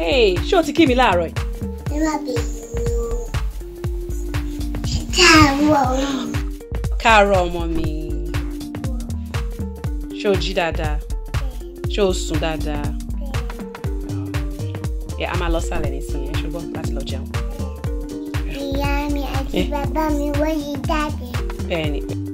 Hey, ṣé o ti kí mi láàárọ̀ yìí? Ẹ má bèèrè o. Káàárọ̀ ọmọ mi. Ṣé o jí dáadáa? Ṣé o sùn dáadáa? Ẹ a máa lọ sálẹ̀ nísìnyí, ṣùgbọ́n láti lọ jẹun. Ìyá mi àti eh. bàbá mi wọ́n yí jáde. Bẹ́ẹ̀ni.